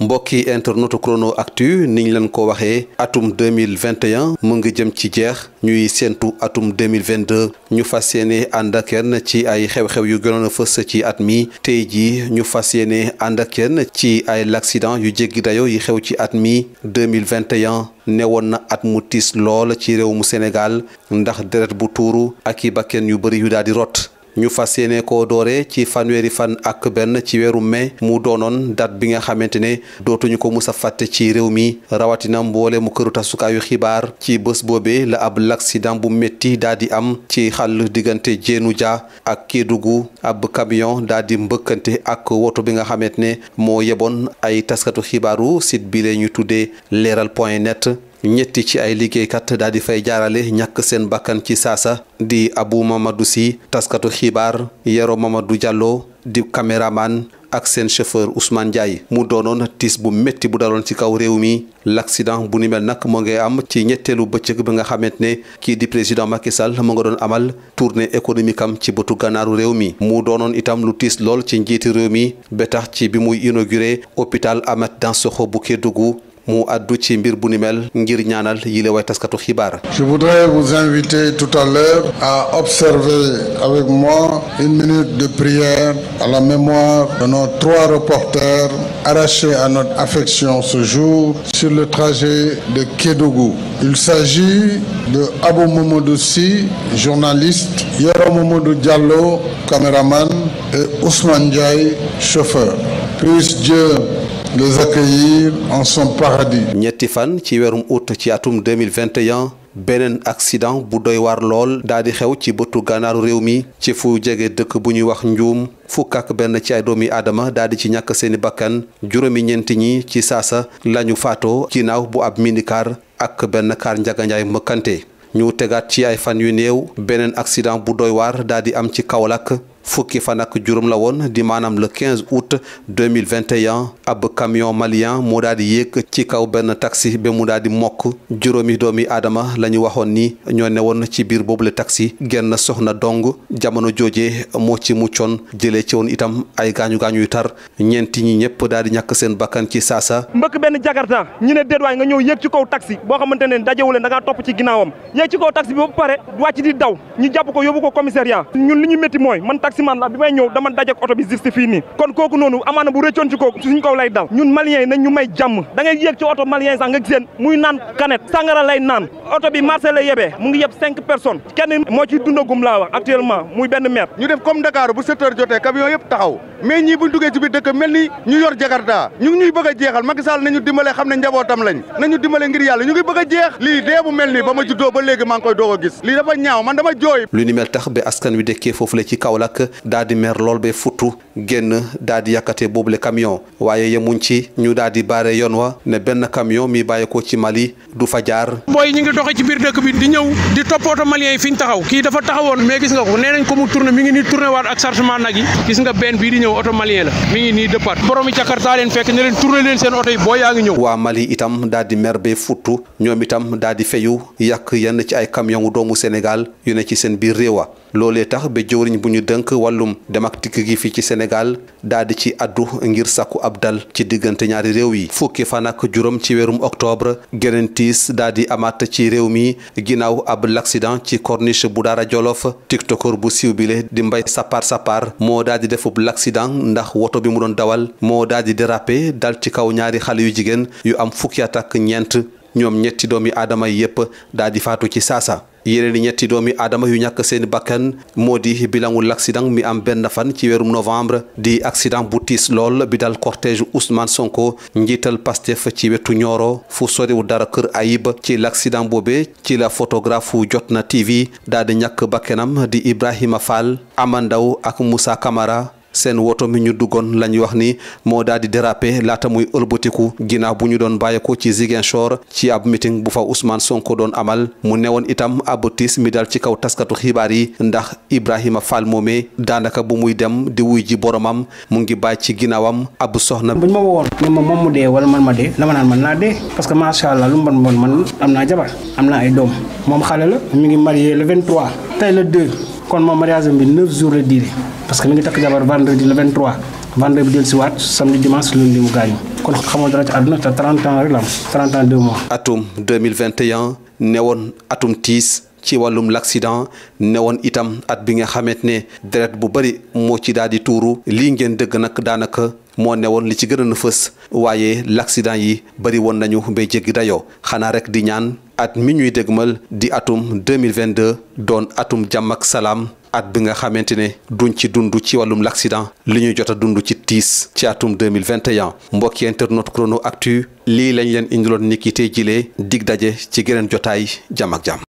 mbokki internetu chrono actu ñu leen ko waxee atum 2021 mu ngi jëm ci jeex ñuy séentu atum 2022 ñu fas yéene ànd ak ci ay xew-xew yu gënoon a fës ci at mi tey jii ñu fas yéene ànd ak yéen ci ay l'accident yu jéggi dayo yi xew ci at mi 2021 newoon na at mu tiis lool ci réew mu Sénégal ndax deret bu tuuru ak i bakken yu bëri yu daal di rot ñu fas yéene ko doore ci fanweeri fan ak benn ci weeru mai mu doonoon date bi nga xamante ne dootuñu ko mus a fàtte ci réew mi rawatina mboole mu këru tasukaayu xibaar ci bés boobee la ab l'accident bu métti daa di am ci xàll diggante Diénou Dia ak Kédougou ab camion daa di mbëkkante ak woto bi nga xamante ne moo yeboon ay taskatu xibaaru site bi la ñu tuddee leeral point net ñetti ci ay liggéeykat daal di fay jaarale ñàkk seen bakkan ci saasa di Abu Mamadou si taskatu xibaar Yero Mamadou Diallo di caméraman ak seen chauffeur Ousmane Ndiaye mu doonoon tiis bu métti bu daloon ci kaw réew mi l'accident bu ni mel nag moo ngi am ci ñetteelu bëccëg bi nga xamante ne kii di président Macky Sall mu nga doon amal tournée économique am ci bëtu ganaaru réew mi mu doonoon itam lu tiis lool ci njiitu réew mi ba tax ci bi muy inauguré hôpital Amath Dansokho bu Kédougou mu àddu ci mbir bu ni ngir ñaanal yile way taskatu xibaar. Je voudrais vous inviter tout à l'heure à observer avec moi une minute de prière à la mémoire de nos trois reporters arrachés à notre affection ce jour sur le trajet de Kédougou. Il s'agit de Abou Mamadou journaliste, Yoro Mamadou Diallo, caméraman, et Ousmane Ndiaye, chauffeur. Puisse Dieu les accueillir en son paradis. ñetti fan ci weerum août ci atum 2021 beneen accident bu doy waar lool daa di xew ci bëtu ganaaru réew mi ci fu jege dëkk bu ñuy wax njuum fukk ak benn ci ay doomi aadama daa di ci ñàkk seeni bakkan juróomi ñeenti ñi ci saasa lañu faatoo ginnaaw bu ab minicar ak benn kaar njaganjaay mëkkante ñu tegaat ci ay fan yu néew beneen accident bu doy waar daa di am ci Kaolack fukki fan ak juróom la woon di maanaam le 15 août 2021 ab camion malien moo daal di yéeg ci kaw benn taxi ba mu daal di mokk juróomi doomi aadama la ñu waxoon ni ñoo ne woon ci biir boobu boobule taxi genn soxna dong jamono jooje moo ci muccoon jële ci woon itam ay gaañu gaañu yu tar ñeenti ñi ñëpp daal di ñàkk seen bakkan ci saasa. mbëkk benn jakarta ñu ne déet waay nga ñëw yéeg ci kaw taxi boo xamante ne dajewu leen da ngaa topp ci ginnaawam yéeg ci kaw taxi bi ba pare taximan la bi may ñëw dama dajek oto bi juste kon kooku noonu amaana bu rëccoon ci kooku suñ kaw lay dal ñun malien yi ñu may jàmm da ngay yéeg ci oto malien sax muy naan canette sangara lay naan oto bi marché la yebee mu ngi yeb cinq personnes kenn moo ciy dundagum laa wax actuellement muy benn maire ñu def comme Dakar bu sept heures jotee camion yëpp taxaw mais ñii buñ duggee ci biir dëkk mel ni ñu yor jakarta ñu ngi ñuy bëgg a jeexal Macky nañu dimbale xam ne njabootam lañ nañu dimbale ngir yàlla ñu ngi bëgg a jeex lii dee bu mel nii ba ma juddoo ba léegi maa ngi koy doog a gis lii dafa ñaaw man dama jooy lu ni mel tax ba askan wi dëkkee foofu la ci Kaolack daal di mer lool ba futtu génn daal di yàkkate boobule camion waaye yemuñ ci ñu daal di baare yoon wa ne benn camion mi bàyyi ko ci Mali du fajaar jaar. booy ñu ngi doxee ci biir dëkk bi di ñëw di toppatoo Maliens yi fi ñu taxaw kii dafa taxawoon mais gis nga ko nee nañ ko mu tourné mi ngi nii tourné waat ak chargement nag yi gis nga benn bii di ñëw oto Malien la mi ngi nii départ boromi Jakarta leen fekk ne leen tourné leen seen oto yi boo yaa ngi ñëw. waa Mali itam daal di mer ba futtu ñoom itam daal di feyu yàq yenn ci ay camion doomu Sénégal yu ne ci seen biir réewa loolee tax ba jëwriñ bu ñu dënk wàllum dem ak dikk gi fii ci senegal daal di ci addu ngir sàkku ab dal ci diggante ñaari réew yi fukki fan juróom ci weerum octobre geneen tiis daal di amaat ci réew mi ginnaaw ab l'accident ci corniche bu daara Jolof tiktokeur bu siiw bile di mbay sapar sapar moo daal di defub l'accident ndax woto bi mu doon dawal moo daal di déraper dal ci kaw ñaari xale yu jigéen yu am fukki at ak ñeent ñoom ñetti doomi aadama yépp daal di faatu ci saasa yeneen i ñetti doomi aadama yu ñàkk seeni bakkan moo di bilangul accident mi am benn fan ci weerum novembre di accident bu tiis lool bi dal cortège Ousmane Sonko njiital Pastef ci wetu Nioro fu soriwu dara kër Ayib ci l'accident boobe ci la photographe Jotna TV daal di ñàkk bakkanam di Ibrahima Fall Amandaw ak Moussa Camara seen woto mi ñu duggoon lañ wax ni moo daal di déraper laata muy ëlbatiku ginnaaw bu ñu doon bàyyeekoo ci Ziguinchor ci ab meeting bu fa Ousmane Sonko doon amal mu newoon itam ab tiis mi dal ci kaw taskatu xibaar yi ndax Ibrahima Fall moomee daanaka bu muy dem di wuy ji boromam mu ngi bàyyi ci ginnaawam ab soxna. buñ ma wowoon ne ma moom mu dee wala man ma dee dama naan man naa dee parce que macha allah lu mu bon bon man am naa jabar am naa ay doom moom xale la mi ngi marié parce que mi ngi takk jabar vendredi le 23 vendredi bi dellusiwaat samedi dimanche lundi mu gaañu kon xamoo dara ci àdduna te 30 ans rek la am 30 ans atum 2021 atum tiis ci wàllum l'accident newoon itam at bi nga xamante ne deret bu bëri moo ci daal di tuuru lii ngeen dëgg nag daanaka. moo ne woon li ci gën a fës waaye l'accident yi bari woon nañu bay jéggi dayoo xanaa rek di ñaan at mi ñuy dégmal di atum 2022 doon atum jàmm ak salaam at bi nga xamante ne duñ ci dund ci wàllum l'accident li ñuy jot a dund ci tiis ci atum 2021 mbokki internet chrono actu lii lañ leen indiloon niki tey jilee dig daje ci geneen jotaay jàmm ak jàmm